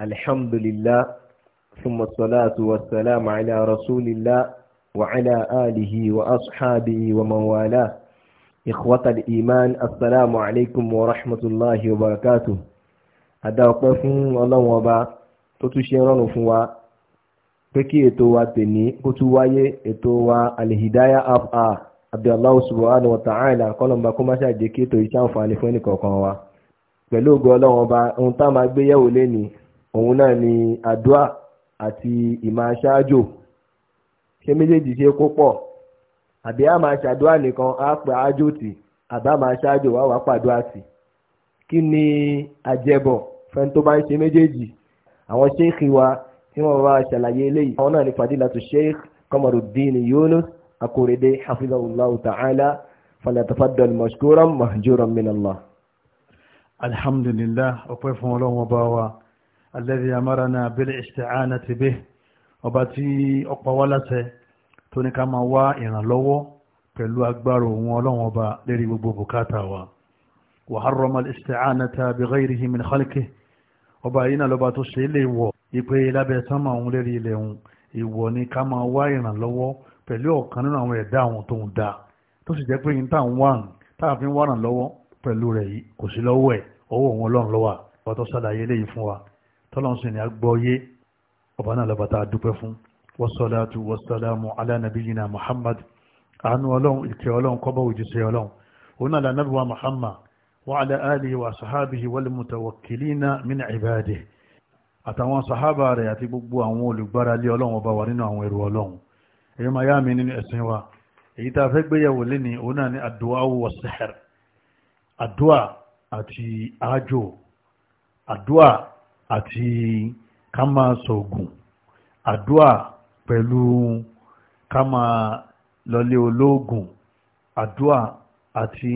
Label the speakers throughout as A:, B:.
A: الحمد لله ثم الصلاة والسلام على رسول الله وعلى آله وأصحابه ومن والاه إخوة الإيمان السلام عليكم ورحمة الله وبركاته هذا وقف الله وبا تتشيرون فوا pẹ́kí ètò wa tèní kó tún wáyé ètò wa alìhìdáyà afa abdullahi subhanahu wa ta'ala kọlọmba kó má ṣàjẹ́ kí ètò iṣẹ́ àǹfààní fún ẹnì kọ̀ọ̀kan wa pẹ̀lú ògo ọlọ́run ọba ohun tá a máa gbé yẹ̀wò lénìí òun náà ni àdúà àti ìmáa ṣáájò ṣé méjèèjì ṣe kó pọ̀ àbí a máa ṣàdúà nìkan á pè ájò tì àbá máa ṣáájò wá wàá pàdúà tì kí ni àjẹbọ̀ fẹ́ni tó bá ń ṣe méjèèjì àwọn ṣéèkì wa tí wọ́n bá ṣàlàyé eléyìí àwọn náà ni fadilatu sheikh Kamaruddin Yunus Akorede hafizahullahu ta'ala falyatafaddal mashkuran mahjuran min Allah.
B: alhamdulillah fún Ọlọ́run ọba wa alladhi amarana bil isti'anati bih ọba tí ọ̀pọ̀ wá láṣẹ tó ní ká máa wá ìrànlọ́wọ́ pẹ̀lú agbára òun ọlọ́run ọba lérí gbogbo bùkátà wa wa harrama al isti'anata bi ghayrihi min khalqihi ọba yìí náà lọ́ba tó ṣe é lè wọ̀ ìpè lábẹ́ sánmà òun lérí ilẹ̀ òun ìwọ ni ká máa wá ìrànlọ́wọ́ pẹ̀lú ọ̀kan nínú àwọn ẹ̀dá àwọn tó ń da tó sì jẹ́ pé yìí tá à ń wà ní tá à fi ń wà ràn lọ́wọ́ pẹ̀lú rẹ̀ yìí kò sí lọ́wọ́ ẹ̀ ọwọ́ òun ọlọ́run ló wà ọba tó ṣàlàyé léyìí fún wa tọ́lọ́sìn ni a gbọ́ yé ọba náà lọ́ba tá a dúpẹ́ fún wasalaatu wasalaamu ala nabiyina muhammad àánú ọlọ́run ìkẹ́ ọlọ́run kọ́bọ̀ òjíṣẹ́ ọlọ́run òun náà lànà wa muhammad wa ala alihi wa sahabihi wal mutawakkilina min ibadihi àtàwọn sahaba rẹ̀ àti gbogbo àwọn olùgbára lé ọlọ́run ọba wà nínú àwọn àti ká máa sọ̀gùn àdúà pẹ̀lú ká máa lọlé olóògùn àdúà àti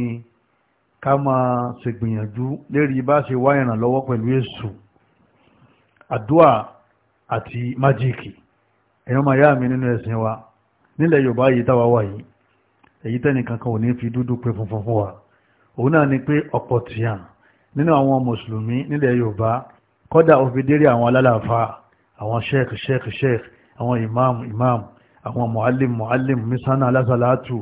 B: ká máa ṣègbìyànjú lérí bá ṣe wá ìrànlọ́wọ́ pẹ̀lú èṣù àdúà àti májíìkì ẹ̀yọ́ máa yá mi nínú ẹ̀sìn wa nílẹ̀ Yorùbá yìí táwa wà yìí èyí tẹ́nìkan kan ò ní fi dúdú pé funfun fún wa òun náà ni pé ọ̀pọ̀ tìyàn nínú àwọn mùsùlùmí nílẹ̀ Yorùbá kọ́dà òfìdérí àwọn alálàáfà àwọn sheikh sheikh sheikh àwọn imam imam àwọn muallim muallim misana alásàlátù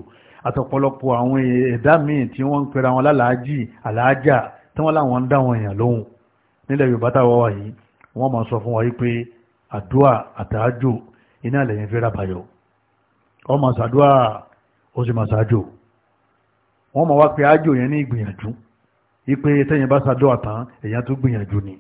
B: àtọ̀pọ̀lọpọ̀ àwọn ẹ̀dá míì tí wọ́n ń pera wọn lálàájì àlàájà tí wọ́n láwọn ń dá wọn èèyàn lóhùn nílẹ̀ yorùbá táwa wà yìí wọ́n máa sọ fún wa yìí pé àdúà àtàájò iná lẹ́yìn fẹ́ra bayọ̀ wọ́n máa ṣàdúà ó sì máa ṣàájò wọ́n máa wá pé àjò yẹn ní ìgbìyànjú yìí tẹ́yìn bá ṣàdúà tán èèyàn tó gbìyànjú ni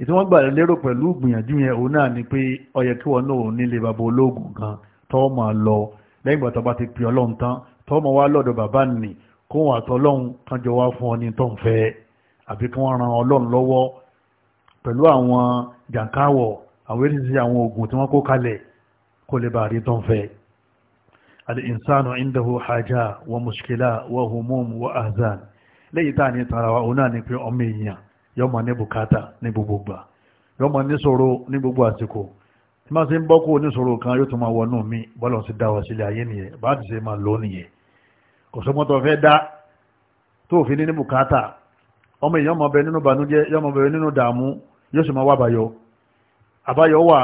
B: ètò wọ́n gbà lérò pẹ̀lú ìgbìyànjú yẹn òun náà ni pé ó yẹ kí wọn náà ò nílé bàbá ológun kan tọ́ máa lọ lẹ́yìn ìgbà tó bá ti pè ọlọ́run tán tọ́ máa wá lọ́dọ̀ bàbá nì kó wọn àtọlọ́run kan jọ wá fún ọ ní tó ń fẹ́ àbí kí wọ́n ran ọlọ́run lọ́wọ́ pẹ̀lú àwọn jàǹkáwọ̀ àwọn eréṣẹ́ àwọn oògùn tí wọ́n kó kalẹ̀ kó lè bá tó ń fẹ́. al-insanu indahu haja wa mushkila wa humum wa azan lẹ́yìn táà ní tarawa òun náà ni pé ọmọ èèyàn yóò máa ní bùkátà ní gbogbo gbà yóò máa níṣòro ní gbogbo àsìkò tí máa ṣe ń bọ́ kó oníṣòro kan yóò tún máa wọnú mi bọ́lọ̀ sí dá wa sílẹ̀ ayé nìyẹn bá ti ṣe máa lò nìyẹn kò sọ́mọ́ tó fẹ́ dá tó fi ní ní ọmọ èèyàn máa bẹ nínú bànújẹ́ yóò máa bẹ nínú dààmú yóò sì máa wá àbáyọ àbáyọ wà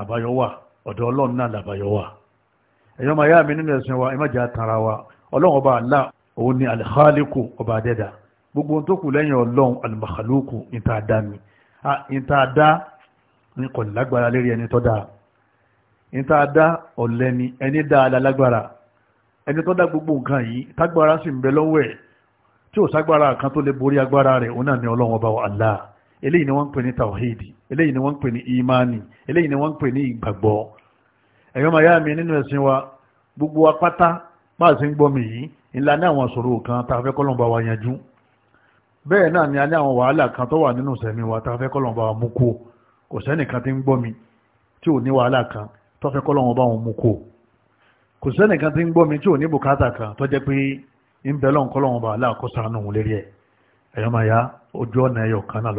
B: àbáyọ wà ọ̀dọ̀ ọlọ́run náà làbáyọ wà èèyàn máa yá mi nínú ẹ̀sìn wa ẹ má jẹ́ àtàrà wa ọlọ́run ọba àlá òun ni alìkálíkù ọba adẹ́dàá gbogbo tó kù lẹ́yìn ọlọ́run alimakaloku ìtaàdá mi ìtaàdá ní kò lágbára lérí ẹni tó dáa ìtaàdá ọ̀lẹ́ni ẹni dáadáa lágbára ẹni tó dá gbogbo nǹkan yìí tágbára sì ń bẹ lọ́wọ́ ẹ̀ tí ò ságbára kan tó lè borí agbára rẹ̀ òun náà ni ọlọ́run ọba Allah eléyìí ni wọ́n ń pè ní tawhidi eléyìí ni wọ́n ń pè ní imani eléyìí ni wọ́n ń pè ní ìgbàgbọ́ ẹ̀yọ́ máa yá mi nínú ẹ̀sìn wa gbogbo apáta máa sì ń gbọ́ mi yìí ìlànà àwọn ìṣòro kan tá a fẹ́ kọ́lọ́n bá wa yanjú bẹ́ẹ̀ náà ni a ní àwọn wàhálà kan tó wà nínú sẹ̀mí wa tá fẹ́ kọ́lọ̀ bá mú kó kò sẹ́nìkan tí ń gbọ́ mi tí ò ní kan tó fẹ́ kọ́lọ̀ bá mú kó kò sẹ́nìkan tí ń gbọ́ mi tí ò ní bùkátà kan tó jẹ́ pé ń bẹ lọ́n kọ́lọ̀ bá aláàkọ́sánú lérí ẹ̀ ya ojú ọ̀nà kan náà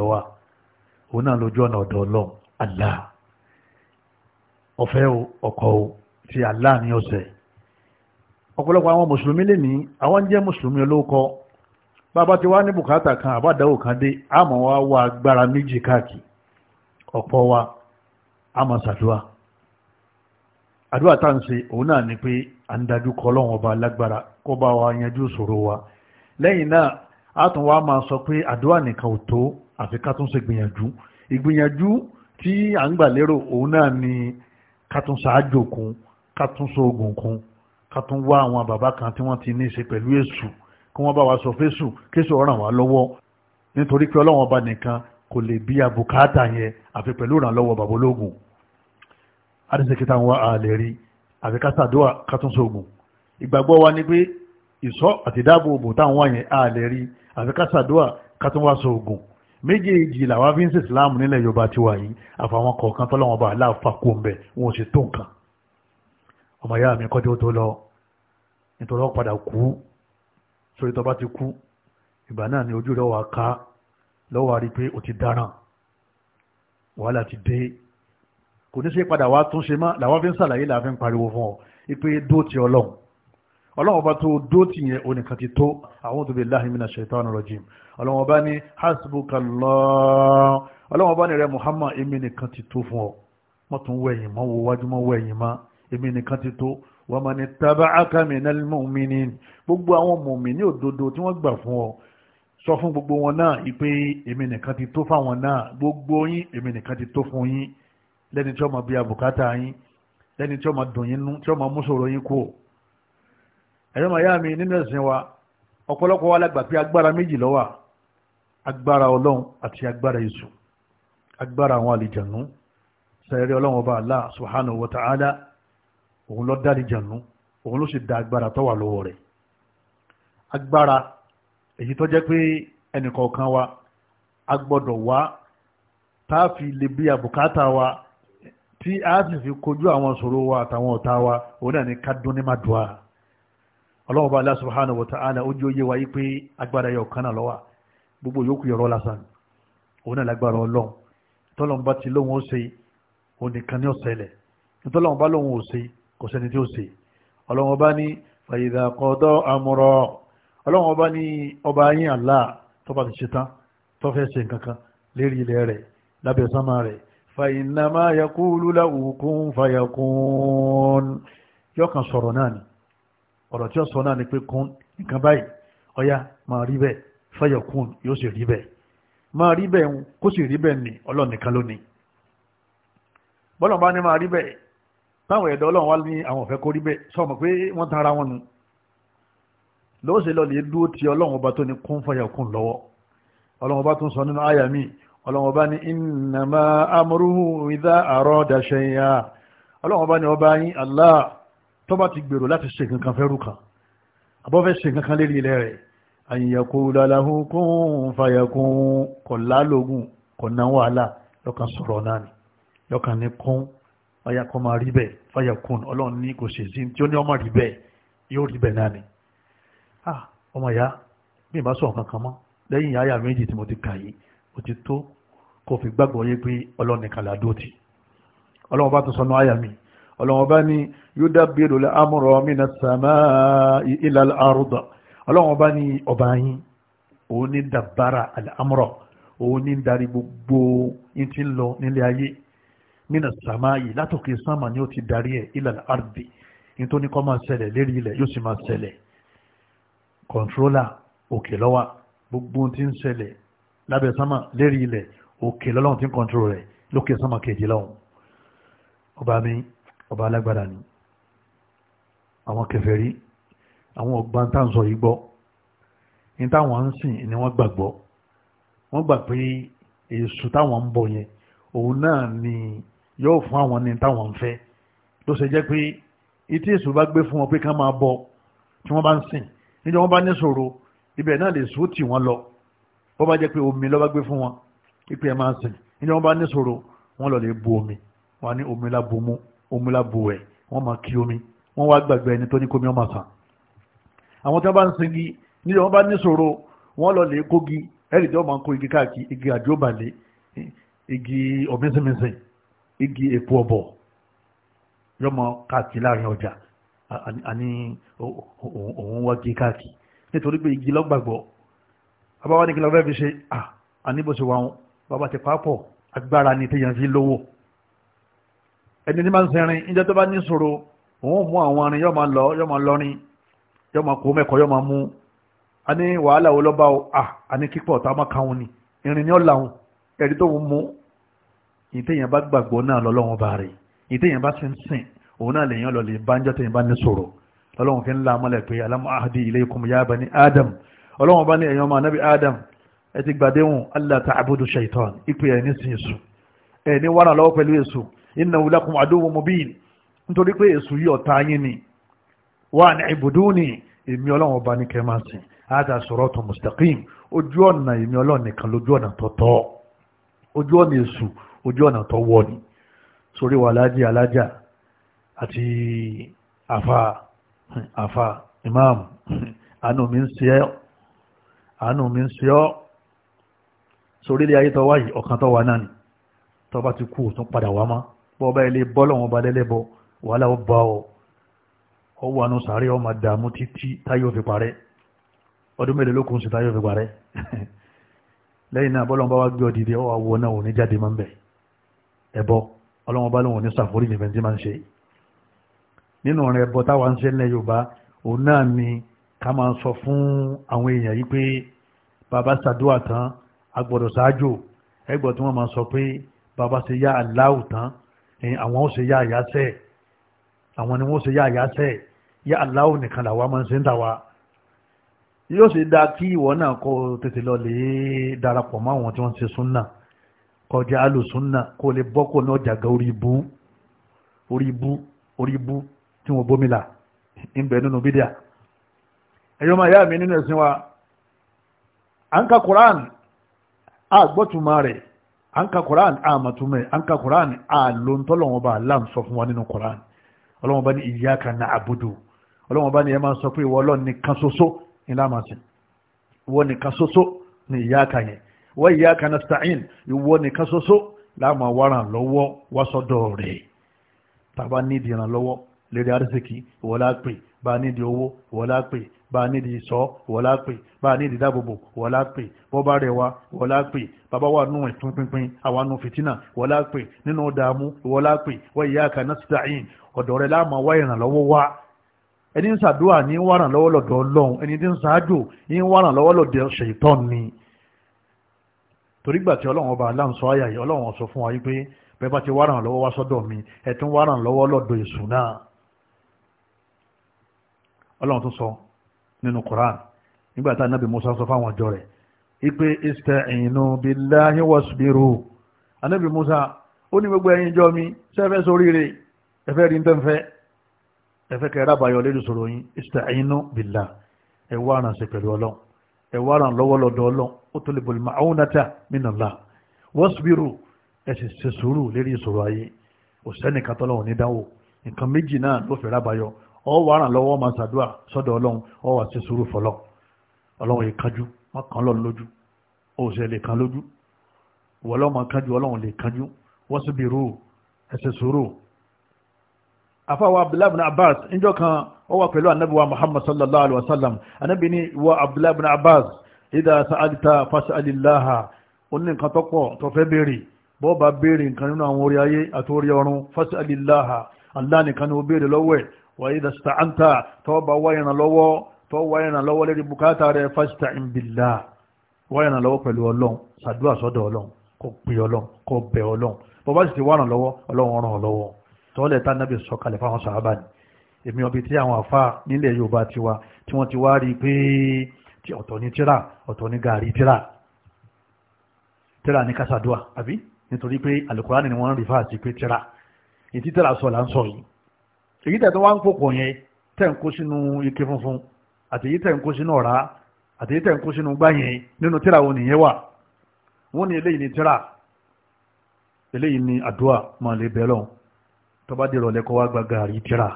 B: òun náà lójú ọ̀nà ọ̀dọ̀ bàbá ti wá ní bùkátà kan àbádáwò kan dé àmọ́ wá wá agbára méjì káàkiri ọ̀pọ̀ wa àmọ́ sàdúà àdúrà tá ń ṣe òun náà ni pé à ń dájú kọ lọ́wọ́n ọba lágbára kó bá wa yanjú ìṣòro wa lẹ́yìn náà a tún wá máa sọ pé àdúrà nìkan ò tó àfi ká tún ṣe gbìyànjú ìgbìyànjú tí à ń gbà lérò òun náà ni ká tún ṣáájò kún ká tún ṣoògùn kún ká tún wá àwọn bàbá kan tí wọ́n ti ní ṣe pẹ̀lú èṣù kí wọ́n bá wa sọ fésù kéṣù ọ̀ràn wa lọ́wọ́ nítorí pé ọlọ́wọ́n ọba nìkan kò lè bí abùkátà yẹn àfi pẹ̀lú ìrànlọ́wọ́ babológun adéṣekítà wa àlè rí àfi kásàdúà kátúnṣogun ìgbàgbọ́ wa ni pé ìṣọ́ àti dáàbòbò táwọn wà yẹn àlè rí àfi kásàdúà kátúnwáṣogun méjèèjì làwọn fi ń ṣe ìsìláàmù nílẹ̀ yorùbá ti wà yìí àfàwọn kọ̀ọ̀kan tọ́lọ́wọ́n bá aláàfà kó ń bẹ̀ wọn ò sì tó nǹkan ọmọ ìyá mi kọ́jú tó lọ nítorí wọ́n padà kú sórí tó bá ti kú ìgbà náà ni ojú rẹ̀ wà ká lọ́wọ́ rí pé o ti dáràn wàhálà ti dé kò ní ṣe padà wá tún ṣe mọ́ làwọn fi ń ṣàlàyé làwọn fi ń pariwo fún ọ ipe dó ti ọlọ́run ọlọ́run ọba tó dó ti yẹn onìkan ti tó a'udhu billahi minash shaitani rajim ọlọ́run ọba ní hasbukallah ọlọ́run ọba ní rẹ Muhammad èmi nìkan ti tó fún ọ mọ́ tún wẹ̀yìn mọ́ wo wájú mọ́ wẹ̀yìn mọ́ èmi nìkan ti tó wa man taba'aka minal mu'minin gbogbo àwọn mùmíní òdodo tí wọ́n gbà fún ọ sọ fún gbogbo wọn náà ìpè èmi nìkan ti tó fáwọn náà gbogbo yín èmi nìkan ti tó fún yín lẹ́ni tí ó máa bí abùkátà yín lẹ́ni tí ó máa dùn yín nú tí ó máa mú ṣòro yín kú ẹ̀yọ́ màá yá mi nínú ẹ̀sìn wa ọ̀pọ̀lọpọ̀ wa lágbà pé agbára méjì ló wà agbára ọlọ́run àti agbára èṣù agbára àwọn àlìjànú sẹ́rẹ̀ ọlọ́run ọba Allah subhanahu wa ta'ala òun lọ dárí jànú òun ló sì da agbára tó lọ́wọ́ rẹ̀ agbára èyí tó jẹ́ pé ẹnìkọ̀ọ̀kan wa a gbọ́dọ̀ wá fi lè bí àbùkátà wa tí a sì fi kojú àwọn ìṣòro wa àtàwọn ọ̀tá wa òun náà ní ọlọ́run bá wa yí pé agbára yẹ ọ̀kan náà lọ́wọ́ gbogbo yòókù lásán òun náà lágbára ọlọ́run ti ó òun nìkan ní ọ̀sẹ̀ lẹ̀ kò sẹ́ni tí ó ṣe ọlọ́run ọba ní fàyèdà kọ́dọ̀ àmúrọ̀ ọlọ́run ọba ní ọba yín Allah tó bá ti ṣe tán tó fẹ́ ṣe nǹkan kan lérí ilẹ̀ rẹ̀ lábẹ́ sánmà rẹ̀ fàyìnàmá yakúlù láwùkún fàyàkún yọkàn sọ̀rọ̀ náà ni ọ̀rọ̀ tí ó sọ náà ni pé kún nǹkan báyìí ọya máa rí bẹ́ẹ̀ fàyàkún yóò sì rí bẹ́ẹ̀ máa rí bẹ́ẹ̀ kó sì rí bẹ́ẹ̀ ni ọlọ́nìkan lónìí bọ́lọ̀ bá ní máa rí bẹ́ẹ̀ táwọn ẹ̀dọ́ ọlọ́run wá ní àwọn ọ̀fẹ́ kórí bẹ́ẹ̀ sọmọ pé wọ́n tara wọn nu lọ́sẹ̀ lọ́lẹ̀ dúró ti ọlọ́run ọba tó ní kún fayakun lọ́wọ́ ọlọ́run ọba tó ń sọ nínú àyà mi ọlọ́run ọba ní innama amruhu idha arada shay'a ọlọ́run ọba ní ọba yín Allah tó bá ti gbèrò láti ṣe kankan fẹ́rù kan àbọ́fẹ́ ṣe kankan lérí ilẹ̀ rẹ̀ an ọyà kan máa rí bẹ́ẹ̀ fàyà kùn ọlọ́run ní kò ṣèṣì tí ó ní ọmọ rí bẹ́ẹ̀ yóò rí bẹ́ẹ̀ náà ni ah, ọmọ ìyá bí ìbá sọ̀rọ̀ kankan mọ́ lẹ́yìn ìyá àyà méjì tí mo ti kà yìí ó ti tó kó fi gbàgbọ́ yé pé ọlọ́run nìkan làdó ti ọlọ́run bá tún sọnù àyà mi ọlọ́run bá ní yudabbiru al-amra minas samaa'i ila al-ard ọlọ́run bá ní ọba yín òun ní dàbára al-amra òun ní darí gbogbo ní ti ń lọ nílé ayé mina sàmáyì látòkè sánmà ni ó ti darí ẹ̀ ilẹ̀ ardi nítorí kọ́ máa ṣẹlẹ̀ lérí ilẹ̀ yóò sì máa ṣẹlẹ̀ kọ̀ǹtrólà òkè lọ́wà gbogbo tí ń ṣẹlẹ̀ lábẹ́ sánmà lérí ilẹ̀ òkè lọ́lọ́run tí ń kọ̀ǹtró rẹ̀ lókè sánmà kejì lọ́hùn ọba mi ọba alágbára ni àwọn kèfèrí àwọn ọgbà ń tàn sọ yìí gbọ́ ní táwọn ń sìn ni wọ́n gbàgbọ́ wọ́n gbà pé èṣù táwọn ń bọ̀ yẹn òun náà ni yóò fún àwọn ní táwọn ń fẹ́ ló ṣe jẹ́ pé etí èso bá gbé fún wọn pé ká máa bọ tí wọ́n bá ń sìn níjọ́ wọ́n bá ní ṣòro ibẹ̀ náà lè sùn tì wọ́n lọ bó bá jẹ́ pé omi ló bá gbé fún wọn ipe ẹ̀ máa sìn níjọ́ wọ́n bá ní ṣòro wọ́n lọ lè bu omi wọ́n ní omi la bu mú omi la bu ẹ̀ wọ́n máa kí omi wọ́n wá gbàgbé ẹni tó ní kómi ọmọ sàn àwọn tí wọ́n bá ń sin igi níjọ́ wọ́n bá ní ṣòro wọ́n lọ lè kógi ẹ̀rì tí wọ́n máa ń kó igi káàkiri igi àjọbalẹ̀ igi ọ̀mísìmísìn igi èpo ọ̀bọ̀ yọmọ káàkiri láàrin ọjà àní òun wági káàkiri nítorí pé igi lọ́gbàgbọ́ abáwá ní kí lọ́fẹ́ fi ṣe à àníbòsí wa wọn bàbá ti pàápọ̀ agbára ni téèyàn fi lówó ẹni ní máa ń sẹrin níjẹ́ tó bá ní ṣòro òun mú àwọn arin yọ́ máa lọ yọ́ máa lọ́rin yọ́ máa kó mẹ́kọ̀ọ́ yọ́ mú a wàhálà wo lọ́ba o à a kíkọ́ ọ̀tá máa kàwọn ni ìrìn ni ó ẹ̀rí tó ń mú ìtẹ̀yìn bá gbàgbọ́ náà lọ́lọ́run bá rí ìtẹ̀yìn bá ti ń sìn òun náà lèyàn lọ lè bánjọ́ tẹ̀yìn bá ní sọ̀rọ̀ lọ́lọ́run fi ń la pé ya bani adam ọlọ́run bá ní ẹ̀yàn adam ẹ ti gbàdéhùn allah shaitan ìpè ẹ̀ sin èṣù ẹ̀ wàrà lọ́wọ́ pẹ̀lú nítorí pé yìí ọ̀tá yín ni wa an ibuduni èmi ọlọ́run ọba ní mustaqim ojú ọ̀nà èmi lójú ọ̀nà tọ̀tọ̀ ojú ojú ọ̀nà tó wọ̀ ni sórí wa alájì alájà àti àfa àfa imam àánú mi ń ṣe ọ́ àánú mi ń ṣe ọ́ sórí ilé ayé tó wáyìí ọ̀kan tó wà náà ni tó bá ti kú ò padà wá mọ́ bọ́ bá ilé bọ́ lọ́wọ́n ba lẹ́lẹ́bọ wàhálà ó bá ọ ọ wà nù sàárẹ̀ ọmọ dààmú títí táyọ̀ fi parẹ́ ọdún mélòó ló sí táyọ̀ fi parẹ́ lẹ́yìn náà bọ́lọ́n bá wá gbé ọ dìde ọ wà wọ náà ò ní jáde máa ń bẹ̀ẹ́ ẹ̀bọ ọlọ́wọ́n bá lóun ní sàfórí ìjẹ̀fẹ́ tí máa ń ṣe nínú ọ̀rẹ́ ẹ̀bọ táwa ń ṣe ńlẹ̀ yorùbá òun náà ni ká máa sọ fún àwọn èèyàn yìí pé bàbá sàdúà tán agbọ́dọ̀ ṣáájò ẹgbọ́ tí wọ́n máa sọ pé bàbá ṣe yá aláwù tán àwọn ó ṣe yá àyáṣẹ́ àwọn ni wọ́n ṣe yá àyáṣẹ́ yá aláwù nìkan làwa máa ń ṣe ń tàwa yóò ṣe dáa kí ìwọ náà kó tètè lọ lè darapọ̀ mọ́ àwọn tí wọ́n ṣe súnà kọjá alùsùnà kó lè bọ́kò náà jàgà orí ibú orí ibú orí ibú tí wọ́n bómìlà ìbẹ̀ nínú bídíà ẹ̀yọ́ máa yá mi nínú ẹ̀sìn wa à ń ka Quran a gbọ́tùmọ̀ rẹ̀ à ń ka Quran a màtúmọ̀ à ń ka Quran a ló ń tọ́lọ̀ wọn sọ fún wa nínú Quran ọlọ́wọ́n bá ní ọlọ́wọ́n bá ní máa sọ ni láàmásìn ìwọ ni iyyaka yẹn wa iyyaka nasta'in ìwọ nìkan ṣoṣo láàmú wàràn lọ́wọ́ wá sọ́dọ̀ rẹ̀ tàbá nídìí ìrànlọ́wọ́ lérí arísìkì ìwọ la pè bá nídìí owó ìwọ la pè bá nídìí ìṣọ́ ìwọ la pè bá nídìí dáàbòbò ìwọ pè bọ́ rẹ̀ wá ìwọ pè bàbá wà nù ìtún pínpín àwa nù fìtínà ìwọ pè nínú dààmú ìwọ la pè wa iyyaka nasta'in ọ̀dọ̀ rẹ̀ láàmú wá ìrànlọ́wọ́ wá ẹni ń ṣàdúrà ní wàràn lọ́wọ́ lọ́dọ̀ Ọlọ́run ẹni tí ń ṣáájò ní wàràn lọ́wọ́ lọ́dọ̀ ṣètọ́ ni torí gbà tí ọlọ́run ọba aláǹsọ àyà yìí ọlọ́run sọ fún wa yìí pé bẹ́ẹ̀ bá ti wá ràn lọ́wọ́ wá sọ́dọ̀ mi ẹ̀ tún wá ràn lọ́wọ́ lọ́dọ̀ èṣù náà ọlọ́run tó sọ nínú Quran nígbà tá anábì Musa sọ fáwọn ọjọ́ rẹ̀ ipe ista'inu billahi wasbiru anábì Musa ó ní gbogbo ẹ̀yin jọ mi sẹ́fẹ́ sóríire ẹ̀fẹ́ rí ntẹ́nfẹ́ ẹ̀fẹ́ kẹ́rẹ́ àbáyọ lẹ́dùsọ̀rọ̀ yín ista'inu billah ẹ̀ wá ràn sí pẹ̀lú ọlọ́run ẹ wá ràn lọ́wọ́ lọ́dọ̀ ọlọ́run ó tó lè bọ̀lì máa àwọn nàta mìnàlá wọ́sibírù ẹ sì ṣe sùúrù lérí ìṣòro ayé òṣèlú katọ́lọ́run ní dánwò nǹkan méjì náà ló fẹ́ rábàyọ ọ wá ràn lọ́wọ́ máa ṣàdúrà sọ́dọ̀ ọlọ́run ọ wà ṣe sùúrù fọlọ́ ọlọ́run yìí kájú má kàn lọ́run lójú òṣèlú kan lójú ìwọ ọlọ́run afáwọ abdullahi bin abbas níjọ́ kan ó wà pẹ̀lú anabi wa muhammad sallallahu alaihi wasallam anabi ni wa abdullahi bin abbas idha sa'alta fas'alillaha ó ní nǹkan tọ́pọ̀ tó fẹ́ béèrè bọ́ bá béèrè nǹkan nínú àwọn orí ayé àti orí ọ̀run fas'alillaha allah nìkan ni ó béèrè lọ́wọ́ ẹ̀ wa idha ista'anta tó bá wá ìrànlọ́wọ́ tó wá ìrànlọ́wọ́ lérí bùkátà rẹ̀ fasta'in billah wá ìrànlọ́wọ́ pẹ̀lú ọlọ́run ṣàdúrà sọ́dọ̀ ọlọ́run kó pè ọlọ́run kó bẹ̀ ọlọ́run bọ́ bá sì ti wá ìrànlọ́wọ́ ọlọ́run ràn ọ́ lọ́wọ́ tọ́lẹ̀ tá nábì sọ̀kalẹ̀ fáwọn sàhábà ni èmi ọbẹ̀ tí àwọn àfa nílẹ̀ Yorùbá ti wa tí wọ́n ti wá rí i pé ọ̀tọ̀ ni tíra ọ̀tọ̀ ni gàrí tíra tíra ní kásádùá àbí nítorí pé al ni wọ́n rí fáà sí pé tíra ètí tíra sọ là ń sọ yìí èyí tẹ̀ tó wá ń pòpọ̀ yẹn tẹ̀ ń kó sínú ike funfun àti èyí tẹ̀ ń kó sínú ọ̀rá àti èyí tẹ̀ ń kó sínú gbá yẹn nínú tíra wo nìyẹn wà wọ́n ní eléyìí ni tíra eléyìí ni àdúrà máa lè tó bá dèrò lẹ́kọ́ wá gba gàrí tíra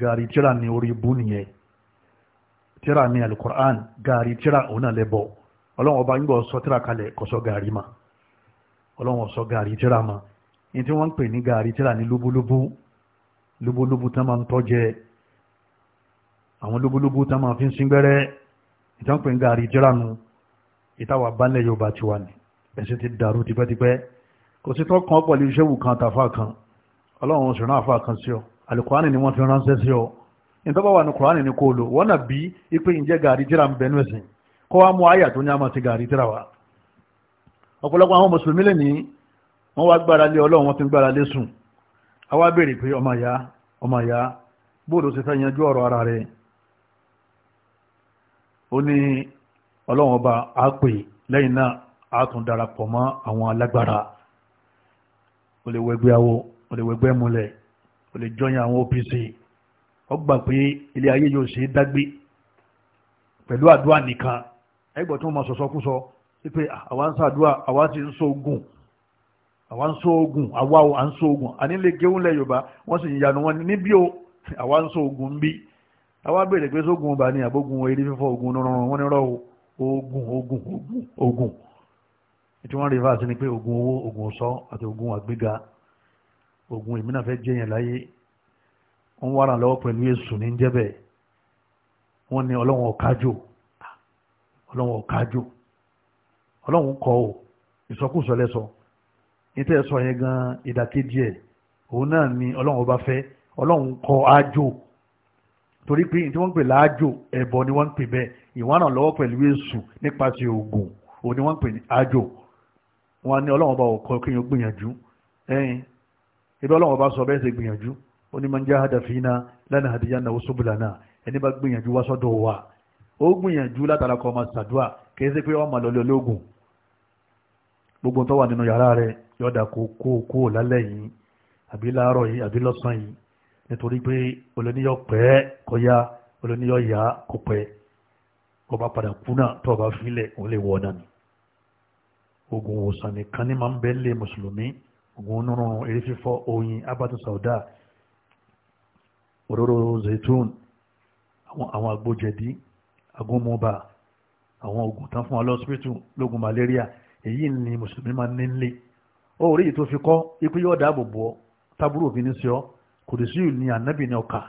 B: gàrí tíra ní orí ibú nìyẹn tíra ní alukur'an gàrí tíra òun náà lẹ́bọ̀ ọlọ́wọ́n ọba yíngọ̀ sọ tíra kalẹ̀ kò sọ gàrí ma ọlọ́wọ́n sọ gàrí tíra ma ní tí wọ́n ń pè ní gàrí tíra ní lúbúlúbú lúbúlúbú tán máa ń tọ́jẹ àwọn lúbúlúbú tán máa fi ń síngbẹ́rẹ́ ìtàn pè ń gàrí tíra nu ìtawà bánlẹ̀ Yorùbá ti wà ní ẹ̀sìn ti dàrú tipẹ́tipẹ́ kò sí tó kàn pọ̀lú iṣẹ́wù kan tàfà kan ọlọ́run sì rán àfa kan sí ọ alukurani ni wọ́n fi ránṣẹ́ sí ọ ìtọ́ba wà ní kurani ni kò lò wọ́n nà bí ipe ìjẹ́ gàrí tíra ń bẹnu ẹ̀sìn kọ́ wa mú àyà tó ní wa ọ̀pọ̀lọpọ̀ àwọn mùsùlùmí lè ní wọ́n wá gbára lé ọlọ́run wọ́n ti gbára lé sùn béèrè pé ọmọ ọmọ ara ó ní ọlọ́run ọba á pè lẹ́yìn náà á tún darapọ̀ mọ́ àwọn alágbára ó lè o lè wẹgbẹ́ múlẹ̀ o lè jọyìn àwọn OPC ó gbà pé ilé ayé yóò ṣe é dágbé pẹ̀lú àdúrà nìkan ẹgbẹ́ tí wọ́n máa sọ̀sọ́ kú sọ pé àwa ń sàdúrà àwa ti ń sóògùn àwa ń sóògùn àwa à ń sóògùn ànílé géúnlẹ̀ Yorùbá wọ́n sì ń yanu wọn níbí o àwa ń sóògùn ń bí àwa béèrè pé sóògùn ọba ni àbógun eré fífọ́ ogun rọrùn wọn ní rọ ogun ogun ogun ogun tí wọ́n rí fáṣí ni pé ogun owó ogun ọ̀ṣọ́ àti ogun àgbéga ogun èmi náà fẹ́ jẹyàn láyé wọ́n wára lọ́wọ́ pẹ̀lú èsù ní jẹ́bẹ̀ wọ́n ní ọlọ́run ọ̀kájò ọlọ́run ọ̀kájò ọlọ́run kọ́ ò ìsọkúsọ lẹ́sọ níta ẹ̀sọ yẹn gan ìdàkejì ẹ̀ òun náà ni ọlọ́run ọba fẹ́ ọlọ́run kọ́ ájò torí pé tí wọ́n ń pè láàjò ẹbọ ni wọ́n ń pè bẹ́ẹ̀ ìwárà lọ́wọ́ pẹ̀lú èsù nípasẹ̀ oògùn òun ni wọ́n ń pè ní ájò wọn ni ọlọ́run ọba ọ̀kọ́ kéèyàn gbìyànjú ẹ̀yìn ibi ọlọ́run ọba sọ bẹ́ẹ̀ ṣe gbìyànjú ó ní man jahada fina lanahdiyannahu subulana ẹni bá gbìyànjú wá sọ́dọ̀ wa ó gbìyànjú látara kọ́ ọmọ sàdúà kì í ṣe pé ọmọ lọ́lẹ́ ológun gbogbo tó wà nínú yàrá rẹ̀ yọ̀dà kó kó kó lálẹ́ yìí àbí láàárọ̀ yìí àbí lọ́sàn yìí nítorí pé olóníyọ̀ pẹ́ kọjá olóníyọ̀ yá kó pẹ́ ọba padà kú náà tó ọba fílẹ̀ ó lè wọ̀ náà ni ogun òsàn nìkan ní máa ń bẹ́ẹ̀ lé mùsùlùmí oògùn onírun eré fífọ́ oyin abatu sauda òróró zaitun àwọn agbójẹ̀dí agúnmọ́ba àwọn oògùn tán fún alọ́sípítù lóògùn malaria èyí ni mùsùlùmí máa ní nílé ó rí èyí tó fi kọ́ ipé yóò dáàbò bò tábúrò òfin ní sí ọ kò dé sí ìní ànábì ní ọkà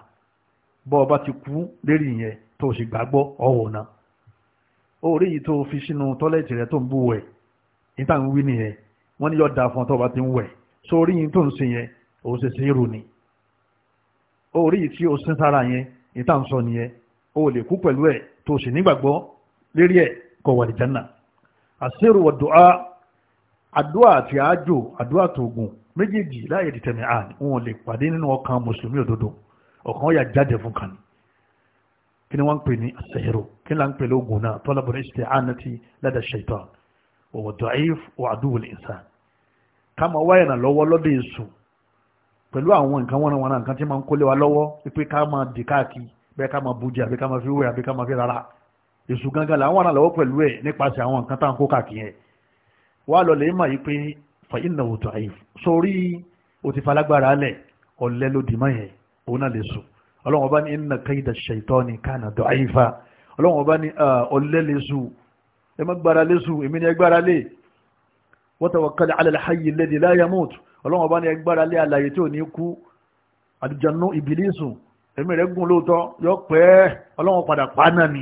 B: bọ́ ọba ti kú lérí ìyẹn tó o sì gbàgbọ́ ọ̀wọ̀ náà ó rí èyí tó fi sínú tọ́lẹ̀tì rẹ tó ń bú wẹ̀ níta ń wí nìyẹn wọ́n ní yóò dáa fún ọ tó o bá ti ń wẹ̀ sórí yìí tó ń sin yẹn òun ṣe sí irú ni orí yìí tí o sin sára yẹn ní tá à ń sọ nìyẹn o lè kú pẹ̀lú ẹ̀ tó sì nígbàgbọ́ lérí ẹ̀ kọ̀ wà lìjánà àṣírò wọ̀dùá àdúà àti àájò àdúà àtògùn méjèèjì láyé dìtẹ̀mẹ̀ à wọn lè pàdé nínú ọkàn mùsùlùmí òdodo ọ̀kan yà jáde fún kan kí ni wọ́n ń pè ní àṣẹ̀rò kí ni wọ́n ń pè lóògùn náà tọ́lábọ̀rẹ́ ìṣẹ̀tẹ̀ ànátì ládàá ṣẹ̀tọ̀ wọ̀dùá ìf wàdúwìlì ìsàn ká máa wá ìrànlọ́wọ́ lọ́dọ̀ èso pẹ̀lú àwọn nǹkan wọn wọn nǹkan tí máa ń kólé wa lọ́wọ́ pé ká máa dì káàkiri bẹ́ẹ̀ ká máa bujì àbí ká máa fi wẹ̀ àbí ká fi rárá èso gangan là ń wà lọ́wọ́ pẹ̀lú ẹ̀ nípasẹ̀ àwọn nǹkan tá à ń kó káàkiri yẹn fa lọ lè yí pé òtò àyè sórí o ti falágbára ọ̀lẹ́ ló dì máa inna watawakkal ala al-hayy alladhi la yamut ọlọ́run ọba ní agbára lé alàyè tí ò ní kú àdìjànú ìbílísù ẹ̀mí rẹ̀ gùn lóòótọ́ yọ pẹ́ ọlọ́run padà pa náà ni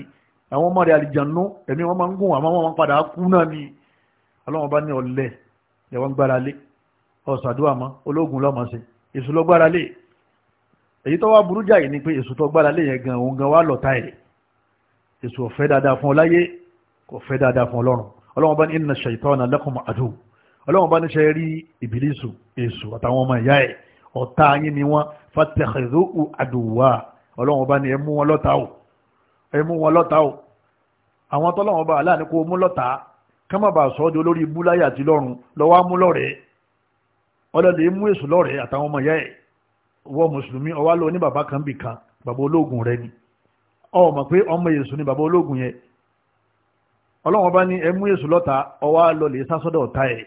B: àwọn ọmọ rẹ̀ àdìjànú ẹ̀mí wọn máa ń gùn àmọ́ wọn padà kú náà ni ọlọ́run ọba ní ọ̀lẹ́ ìyàwó gbára lé ọ̀sàdúrà mọ́ ológun dáadáa fún ọ láyé kò fẹ́ dáadáa fún ọlọ́run ọlọ́run ọba ní inna shaytana lakum adu ọlọ́run bá ní ṣe rí ìbílísù èṣù àtàwọn ọmọ ìyá ẹ̀ ọ̀tá yín ni wọ́n fàtẹ̀kẹ̀dó àdùwà ọlọ́run bá ní ẹ mú wọn lọ́ta o ẹ mú wọn lọ́ta o àwọn tọ́lọ́run bá aláàánú kó mú lọ́ta ká má bàa sọ ọ́ di olórí ibú láyé àti lọ́run lọ́wọ́ á mú lọ́rẹ̀ẹ́ ọlọ́lẹ̀ mú èṣù lọ́rẹ̀ẹ́ àtàwọn ọmọ ìyá ẹ̀ wọ́n mùsùlùmí ọwá lọ ní bàbá kan bì bàbá ológun rẹ ni ọ pé ọmọ èṣù ni bàbá ológun yẹn ọlọ́wọ́n bá ní ẹ mú èṣù lọ́ta ọwá lọ lè sásọ́dọ̀ ọ̀tá ẹ̀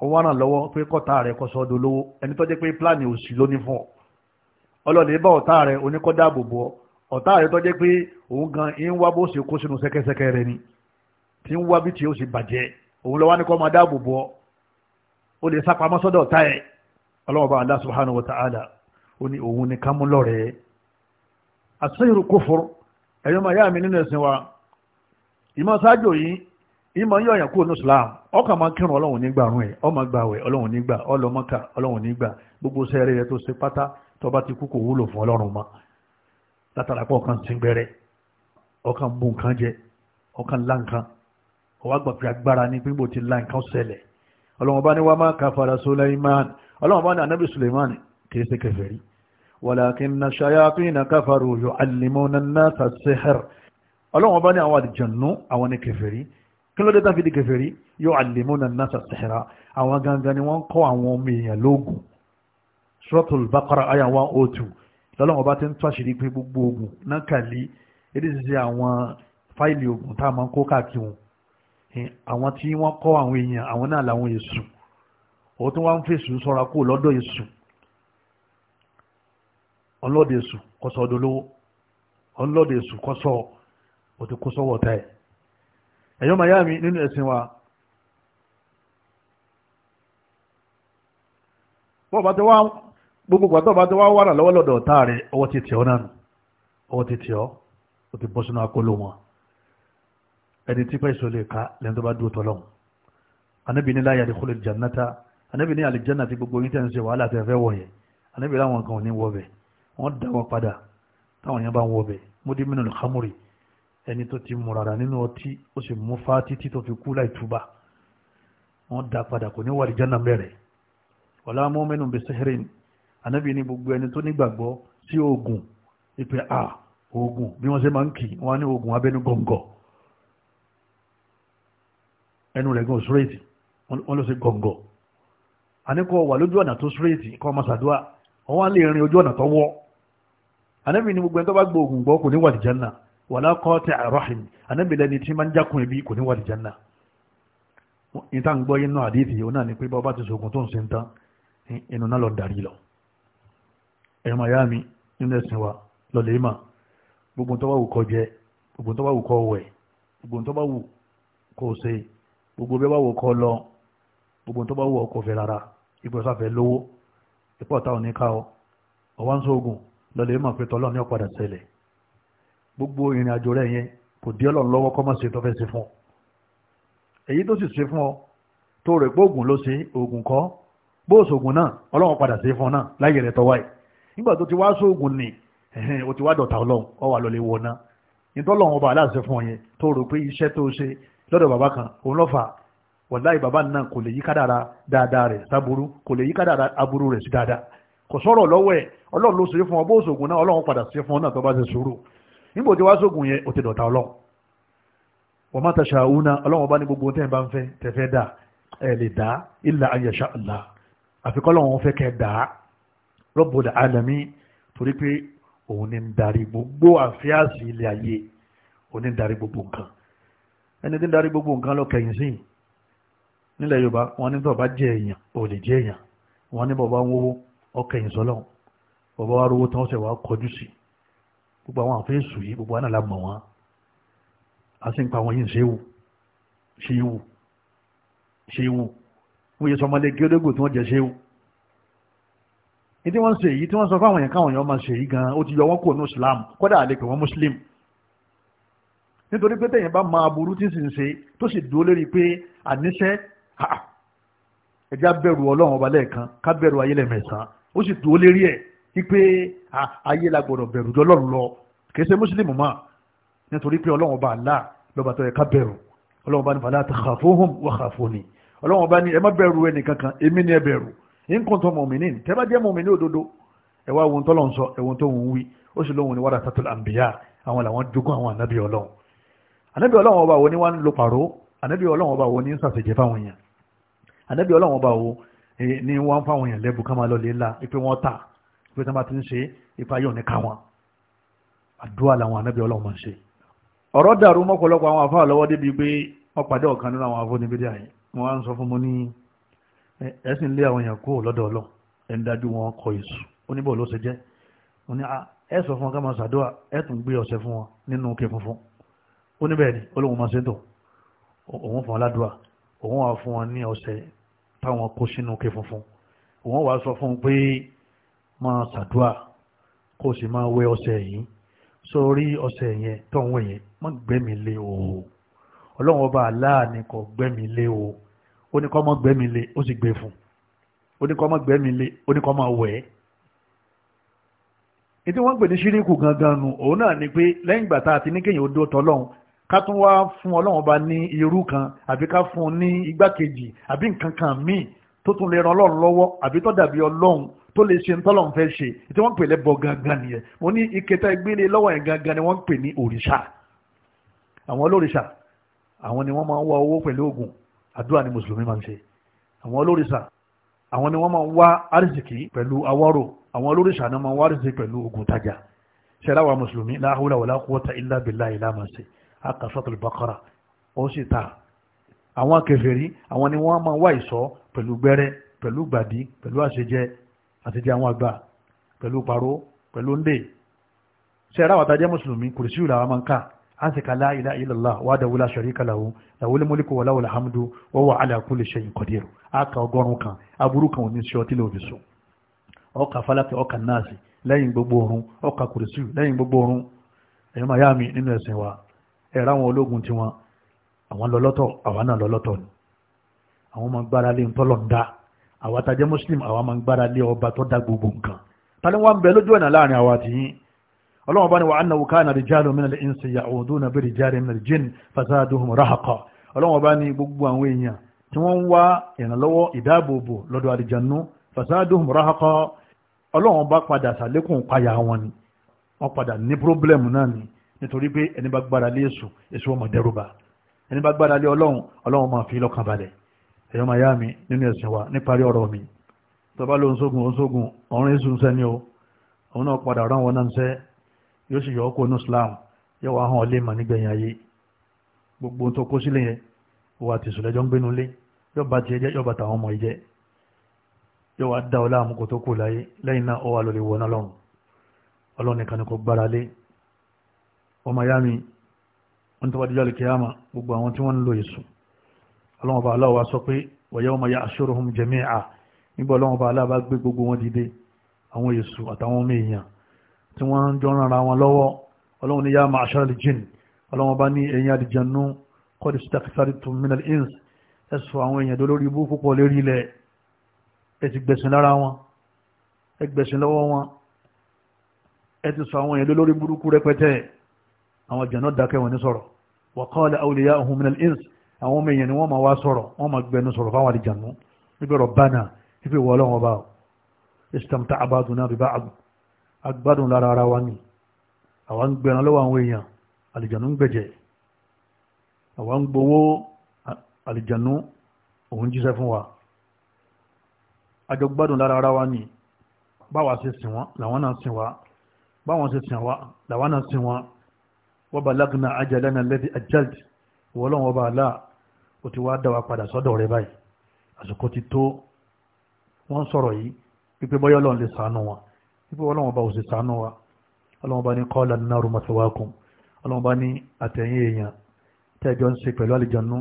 B: ó wá ràn lọ́wọ́ pé kọ́ta rẹ̀ kọ́ sọ́dọ̀ lówó ẹni tó pé pláàni òsì ló ní fún ọ ọlọ́ọ̀lẹ́ bá ọ̀tá rẹ̀ oníkọ́dá àbòbò ọ̀tá rẹ̀ pé òun gan ń wá bó ṣe kó sínú sẹ́kẹ́sẹ́kẹ́ rẹ̀ ni tí ń wá bí tí ó sì bàjẹ́ òun lọ́wọ́ kọ́ máa dá ó lè sá pamọ́ sọ́dọ̀ ọ̀tá ẹ̀ ọlọ́wọ́ bá ìmọ̀ ń yọ̀yàn kúrò ní islam ọkàn máa kírun ọlọ́run nígbà rún ẹ̀ ọmọ gbà wẹ̀ ọlọ́run nígbà ọlọ́mọkà ọlọ́run nígbà gbogbo sẹ́ẹ̀rẹ́ rẹ tó ṣe pátá tó bá ti kú kò wúlò fún ọlọ́run mọ́ látara pé ọkàn ti ń gbẹrẹ ọkàn mú nǹkan jẹ ọkàn lá nǹkan ọwọ́ àgbà pé agbára ní pínpín ti lá nǹkan ṣẹlẹ̀ ọlọ́run bá ní wàá máa kafara kí ló dé tá fi di kèfèrí yóò àlèmúnà náà sàṣẹ̀rà àwọn gangan ni wọ́n kọ́ àwọn ọmọ èèyàn lóògùn suratul baqara aya one oh two lọ́lọ́wọ́n bá ti ń tọ́ṣìírí pé gbogbo oògùn náà kàlí èdè ṣiṣẹ́ àwọn fáìlì oògùn tá a máa ń kó káàkiri wọn àwọn tí wọ́n kọ́ àwọn èèyàn àwọn náà làwọn èṣù òun tó wá ń fèsù sọ́ra kó lọ́dọ̀ èṣù ọlọ́dẹ̀ èṣù kọ́sọ́ ẹ̀yọ́ miami nínú ẹ̀sìn wa bọ́ọ̀bá tó wá gbogbo pàtọ́ọ̀bá tó wá wàrà lọ́wọ́ lọ́dọ̀ ọ̀tá rẹ̀ ọwọ́ ti tì ọ́ náà ọwọ́ ti tì ọ́ ó ti bọ́ sínú akóló wọn ẹni tí pẹ́sọ lè ká lẹ́nu tó bá dúró tọ́lọ́hún anábì ní la yadkhulul jannata anábì ní àlìjánná ti gbogbo yín tẹ́ ń ṣe wàhálà tẹ́ fẹ́ wọ̀nyẹ anábì láwọn kan ò ní wọ bẹ̀ wọ́n dá wọn padà táwọn yẹn bá ń wọ bẹ̀ mudiminu al-khamri ẹni tó ti mu rárá nínú ọtí ó sì mú fá títí tó fi kú láì túbà wọ́n dá padà kò ní wàlí jẹ́nà bẹ̀rẹ̀ ọ̀la mọ́mẹ́nu bẹ sẹ́hẹ́rìn anábì ní gbogbo ẹni tó nígbàgbọ́ sí oògùn ìpè à oògùn bí wọ́n ṣe máa ń kì wọ́n á ní oògùn abẹ́nú gọ̀ǹgọ̀ ẹnu rẹ̀ gan ṣúrẹ́ẹ̀tì wọ́n ló ṣe gọ̀ǹgọ̀ àníkọ́ wà lójú ọ̀nà tó ṣúrẹ́ẹ̀tì kọ́ ọmọ sàdúà wọ́n wá lè rin ojú ọ̀nà tó wọ́ anábì ní gbogbo ẹni tó bá gbọ́ oògùn gbọ́ kò ní wàlí jẹ́nà wàlá kọ́ọ̀tì àrọ́hìn anábìlẹ́ni tí máa ń jákun ẹbí kò ní wà lìjánná níta ń gbọ́ inú àdéhìí yìí ó náà ní pé bọ́ọ̀ bá ti sògùn tó ń sin tán inú náà lọ darí lọ ẹ̀rọ màyá mi nínú ẹ̀sìn wa lọ́lẹ̀ mà gbogbo tó bá wù kó jẹ gbogbo tó bá wù kó wẹ̀ gbogbo tó bá wù kó ṣe gbogbo bí bá wù kó lọ gbogbo tó bá wù kó fẹ́ rárá ipò sáfẹ́ lówó ipò táwọn ní ká ọ̀wá ń sóògùn lọ́lẹ̀ mà pé tọ́lọ́ ní ọ̀padà ṣẹlẹ̀ gbogbo ìrìn àjò rẹ̀ yẹn kò dí ọlọ́run lọ́wọ́ kọ́ mọ́ ṣe tó fẹ́ ṣe fún ọ èyí tó sì ṣe fún ọ tó rẹ̀ pé oògùn ló ṣe oògùn kọ́ bó o ṣoògùn náà ọlọ́run padà ṣe fún ọ náà láyé rẹ̀ tọ́wá yìí nígbà tó ti wá ṣoògùn nì o ti wá dọ̀tá ọlọ́run ọ wà lọ́lẹ̀ wọ ná ìtọ́lọ́run ọba aláṣẹ fún ọ yẹn tó rò pé iṣẹ́ tó ṣe lọ́dọ̀ bàbá kan òun lọ́fà wàláì bàbá náà kò lè yí kádàrà dáadáa rẹ̀ sáburú kò lè yí kádàrà aburú rẹ̀ sí dáadáa kò sọ̀rọ̀ lọ́wọ́ ẹ̀ ọlọ́run ló ṣe fún ọ bó o ṣoògùn náà ọlọ́run padà ṣe fún ọ náà tó bá ṣe sùúrù níbo tí wá sóògùn yẹn ò ti dọ̀tá ọlọ́ wọ́n má tàṣà una ọlọ́wọ́n bá ní gbogbo tẹ́ ẹ̀ bá ń fẹ́ tẹ̀fẹ́ dà ẹ̀ lè dá illa an yasha Allah àfikọ́ lọ́wọ́n fẹ́ kẹ́ dà Rabbul alamin torí pé òun ní ń darí gbogbo àfíàsì ilé ayé òun ní ń darí gbogbo nǹkan ẹni tí ń darí gbogbo nǹkan lọ kẹ̀yìn sí nílẹ̀ Yorùbá wọn ní bọ̀ jẹ èèyàn ò lè jẹ èèyàn wọn ní bọ̀ ń wówó ọkẹ̀yìn sọlọ́run bọ̀ bá rówó tán ó sì kọjú sí i gbogbo àwọn àfẹ́sù yìí gbogbo àná la mọ̀ wọn a sì ń pa àwọn yìí ń ṣéwù ṣéwù ṣéwù wọ́n yẹ sọmọlé gẹ́lẹ́gò tí wọ́n jẹ ṣéwù ní tí wọ́n ń ṣe èyí tí wọ́n sọ fáwọn yẹn káwọn yẹn máa ṣe èyí gan ó ti yọ wọ́n kúrò ní Islam kódà àlè pé wọ́n Muslim nítorí pé tẹ̀yìn bá máa burú tí sì ń ṣe tó sì dúró lérí pé àníṣẹ́ ẹ̀já bẹ̀rù Ọlọ́run ọba lẹ́ẹ̀kan ká bẹ̀rù ayé ó sì dúró lérí ẹ̀ wípé ah, ayé la gbọ́dọ̀ bẹ̀rù jọ lọ́rùn lọ kìí ṣe mùsùlùmí mọ́ nítorí pé ọlọ́run ọba Allah lọ́ba tó yẹ ká bẹ̀rù ọlọ́run ọba ní fala takhafuhum wa khafuni ọlọ́run ọba ní ẹ má bẹ̀rù ẹnì kankan èmi ni ẹ bẹ̀rù in kuntum mu'minin tẹ́ bá jẹ́ mọ̀mìnì òdodo ẹ wá ohun tọ́lọ́ ń sọ ẹ̀wọ̀n tó ń wí ó sì lóhun ní warathatul anbiya àwọn làwọn jogún àwọn ànábì ọlọ́run ànábì ọlọ́run ọba wo ni wọ́n ń lo pàró ànábì ọlọ́run ọba pé tí wọ́n bá ti ń ṣe ipa yóò ní káwọn àdúrà làwọn anábì ọlọ́run máa ń ṣe. ọ̀rọ̀ dàrú mọ́pọ̀lọpọ̀ àwọn àfáà lọ́wọ́ débi pé wọ́n pàdé ọ̀kan nínú àwọn afọ́nibídé àyè wọ́n á ń sọ fún mi ní ẹ̀sìn lé àwọn èèyàn kúrò lọ́dọ̀ ọlọ́run ẹ̀ dájú wọn kọ èṣù oníbọ̀ ló ṣe jẹ́ wọ́n ní ẹ sọ fún wọn ká máa ṣàdúrà ẹ tún gbé ọ̀sẹ̀ fún wọn nínú òkè funfun ó níbẹ̀ ni olóhùn máa ṣe ń tò òun fún wọn ládùúrà òun wà fún wọn ní ọ̀sẹ̀ táwọn kó sínú òkè funfun òun wà sọ fún un pé máa ṣàdúà kó o sì máa wẹ ọṣẹ yìí sórí ọṣẹ yẹn tó ń wẹ̀ yẹn má gbẹ́mi lé o ọlọ́run ọba aláàánú kò gbẹ́mi lé o ó ní kọ́ mọ́ gbẹ́mi lé ó sì gbé fún ó ní kọ́ mọ́ gbẹ́mi lé ó ní kọ́ mọ́ wẹ̀ ẹ́ ètí wọ́n ń pè ní ṣíríkù gangan nù òun náà ni pé lẹ́yìn ìgbà tá a ti ní kéèyàn ó dó tọ́lọ́hún ká tún wá fún ọlọ́run ọba ní irú kan àbí ká fún un ní igbákejì àbí nǹkan kan míì tó tún lè ran ọlọ́run lọ́wọ́ àbí tó dàbí ọlọ́run tó lè ṣe ńtọ́lọ̀ ń fẹ́ ṣe tí wọ́n pè lẹ́bọ gangan nìyẹn mo ní ìkẹta ìgbélé lọ́wọ́ yẹn gangan ni wọ́n ń pè ní òrìṣà àwọn olórìṣà àwọn ni wọ́n máa ń wá owó pẹ̀lú oògùn àdúrà ni mùsùlùmí máa ń ṣe àwọn olórìṣà àwọn ni wọ́n máa ń wá àrísìkí pẹ̀lú awọ́rò àwọn olórìṣà ni wọ́n máa ń wá àrísìkí pẹ̀lú oògùn tajà ṣẹlá mùsùlùmí la hawla àti di àwọn àgbà pẹ̀lú paró pẹ̀lú ndè ṣe ara wàtá jẹ́ mùsùlùmí kùrìsíù làwọn máa ń ká a sì ká la ilaha illallah wahdahu la sharika lahu lahul mulku wa lahul hamdu wa huwa ala kulli shay'in qadir a ka ọgọ́rùn kan aburú kan ò ní ṣe ọtí lóbi so ọkà falaki ọkà náàsì lẹ́yìn gbogbo orun ọkà kùrìsíù lẹ́yìn gbogbo orun ẹ̀yọ́ máa yá mi nínú ẹ̀sìn wa ẹ̀rọ àwọn ológun tiwọn àwọn lọ́lọ́tọ̀ àwọn náà lọ́lọ́tọ̀ ni àwọn máa gbára lé ń tọ́lọ̀ ń dá àwọn muslim àwọn máa ń gbára lé ọba tó dá gbogbo nǹkan tani wọ́n ń bẹ lójú ọ̀nà láàrin àwọn àti yín bá ní wa annahu kana rijalun minal insi ya'uduna bi rijalin minal jinn fazaduhum rahaqa ọlọ́run bá ní gbogbo àwọn èèyàn tí wọ́n ń wá ìrànlọ́wọ́ ìdáàbòbò lọ́dọ̀ àlìjànú fazaduhum rahaqa ọlọ́run bá padà sàlékún payà ni wọ́n padà ní pírọ́blẹ̀mù náà ni nítorí pé ẹni bá gbára lé èṣù èṣù èyàn máa yá mi nínú ẹ̀sìn wa níparí ọ̀rọ̀ mi tọba ló ń sógun ó ń sógun ọ̀run èsù ń ni o òun náà padà rán wọn náà ń sẹ́ yóò sì yọ ọkọ̀ ní Islam yóò wá hàn ọ́ lé mà nígbẹ̀yìn gbogbo ohun tó kó sílẹ̀ yẹn wà ń gbénu lé yóò bá tiẹ̀ jẹ́ ọmọ yìí jẹ́ ọ láàmú kó tó kù láyé lẹ́yìn náà ó wà lórí ọlọ́run nìkan ni kò ọmọ yá mi wọ́n gbogbo àwọn tí wọ́n ń lo ọlọ́wọ́n bá aláwọ̀ sọ pé wa yawma ya'shuruhum jami'a nígbà ọlọ́wọ́n bá aláwọ̀ gbé gbogbo wọn dìde àwọn èṣù àtàwọn ọmọ èèyàn tí wọ́n ń jọ ràn ara wọn lọ́wọ́ ọlọ́wọ́n ní ya ma'ashara al-jinn ọlọ́wọ́n bá ní ẹ̀yin àdìjànú qad istakthartum min al-ins ẹ̀sùn àwọn èèyàn tó lórí ibú púpọ̀ lérí ilẹ̀ ẹ ti gbẹ̀sìn lára wọn ẹ gbẹ̀sìn lọ́wọ́ wọn ẹ ti sọ àwọn èèyàn tó burúkú rẹpẹtẹ àwọn jẹ̀nà dákẹ́ wọn ní sọ̀rọ̀ wa qala awliya'uhum min al-ins àwọn ọmọ èèyàn ni wọ́n máa wá sọ̀rọ̀ wọ́n máa gbẹnu sọ̀rọ̀ fáwọn àlìjànú níbi ọ̀rọ̀ bánà ife wọ ọlọ́run ọba o istamta abadun náà bíbá agbádùn lára ara wa ni àwa ń gbẹran lọ́wọ́ àwọn èèyàn àlìjànú ń gbẹ̀jẹ̀ àwa ń gbowó àlìjànú òun jíṣẹ́ fún wa àjọ gbádùn lára ara wa ni báwa ṣe sìn wọn làwọn náà sìn wa báwọn ṣe sìn wa làwọn náà sìn wọn wọ́n bá lágùnà ajalẹ́nà lẹ́dí ajẹ́lì wọ́n lọ́wọ́ bá láà ó ti wá dá wa padà sọ́dọ̀ rẹ báyìí àsìkò ti tó wọ́n sọ̀rọ̀ yìí wípé bọ́yọ́ ọlọ́run lè sànú wa wípé ọlọ́run bá ò sì sànú wa ọlọ́run bá ní qala an-naru mathwaakum ọlọ́run bá ní àtẹ̀yìn èèyàn tẹ́jọ́ ń ṣe pẹ̀lú àlìjànú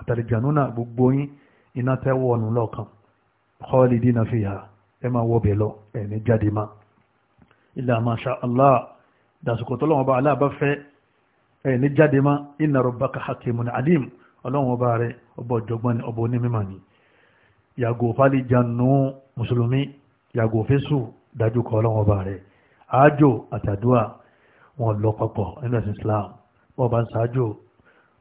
B: àtàlìjànú náà gbogbo yín iná tẹ́wọ́ ọ̀nù lọ́ọ̀kan khalidina fiha ẹ máa wọ́ bẹ̀ lọ ẹ̀mí jáde má illa ma Allah dàsìkò tọ́lọ́run bá aláàbá fẹ́ ẹ̀mí jáde má inna rabbaka hakimun alim ọlọ́run ọba rẹ̀ ọba ọ̀jọ̀gbọ́n ni ọba onímọ̀ ni yàgò fàlìjànú mùsùlùmí yàgò fésù dájú kọ ọlọ́run ọba rẹ̀ àájò àtàdúà wọn lọ papọ̀ nínú ẹ̀sìn Islam wọn bá ń ṣáájò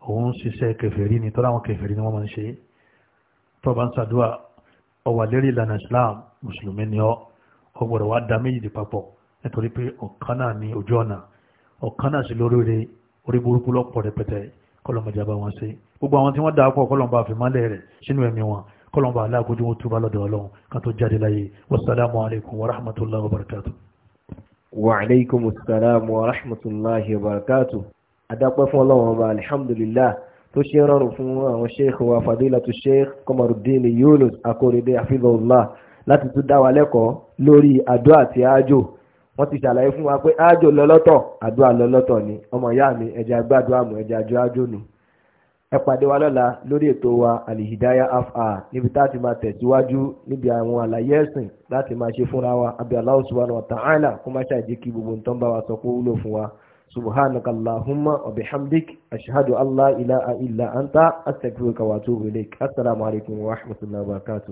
B: òun ń ṣiṣẹ́ kèfèrí ni tọ́lá àwọn kèfèrí ni wọ́n máa ń ṣe tọ́ bá ń ṣàdúà ọwà lérí ìlànà Islam mùsùlùmí ni ọ ọgbọ̀dọ̀ wá dá méjì papọ̀ nítorí pé ọ̀kan ni ojú ọ̀nà ọ̀kan náà sì orí burúkú lọ́pọ̀ rẹpẹtẹ kọlọmọdé bá wọn ṣe gbogbo àwọn tí wọ́n dá pọ̀ kọlọmọba àfimálẹ̀ rẹ̀ sínú ẹ̀mí wọn kọlọmọba aláàkójú wọn túbá lọ́dọ̀ ọlọ́run kan tó jáde láyé wasalaamu alaykum wa rahmatulahi wa barakatu.
A: wa aleykum salaam wa rahmatulahi wa barakatu. adápẹ́ fún ọlọ́run ọba alihamdulilah tó ṣe rọrùn fún àwọn sheikh wa fadilatu sheikh kọmọrùdín yunus akóredé afidhullah láti tún dá wa lẹ́kọ̀ọ́ lórí àdúà àti àjò wọ́n ti ṣàlàyé fún wa pé ájò lọ́lọ́tọ̀ àdúrà lọ́lọ́tọ̀ ni ọmọ ìyá mi ẹja gbàdúrà mọ̀ ẹja àjọ ájò nù ẹ pàdé wa lọ́la lórí ètò wa alihidaya afa níbi tá a ti máa tẹ̀síwájú níbi àwọn àlàyé ẹ̀sìn láti máa ṣe fúnra wa àbí Allah subhanahu wa ta'ala kó má ṣàìjẹ́ kí gbogbo nǹkan bá wa sọ kó wúlò fún wa subhanaka allahumma wa bihamdik ashhadu an la ilaha anta astaghfiruka wa atubu ilaik wa rahmatullahi wa barakatuh